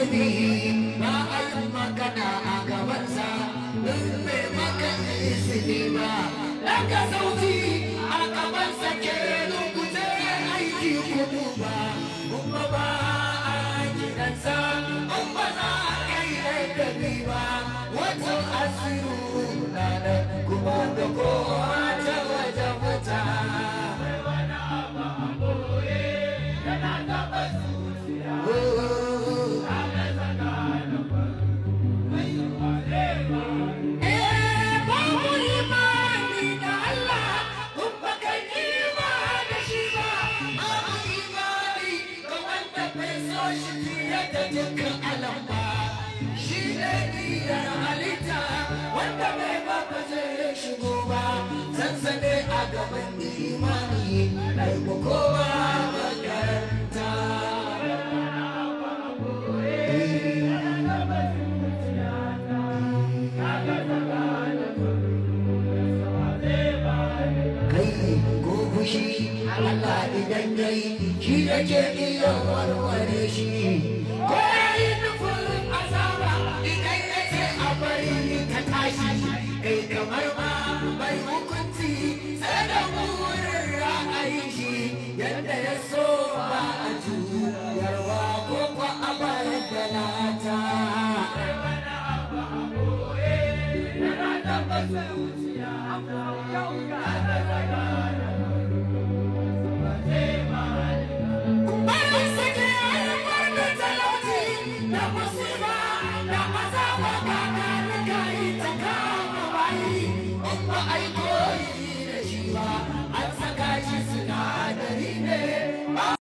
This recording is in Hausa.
annabi ba a yi magana a gabansa in bai maka izini ba daga sauti a gabansa ke lunguje aiki kuma ba kuma ba a gidansa in ba za a kai annabi ba wata asiru na kuma da kowa ta wajen shi fiye da dukkan alamba shi ne haushi Allah idan dai shi yake iya warware shi ko ya yi nufin Asaba, idan ya ce a bari ka tashi kai kamar ma bai hukunci sai da burin ra'ayi shi yadda ya so ba a juyarwa ko kwa a bayar da lata. Yau ga ba a yi koyi da shi ba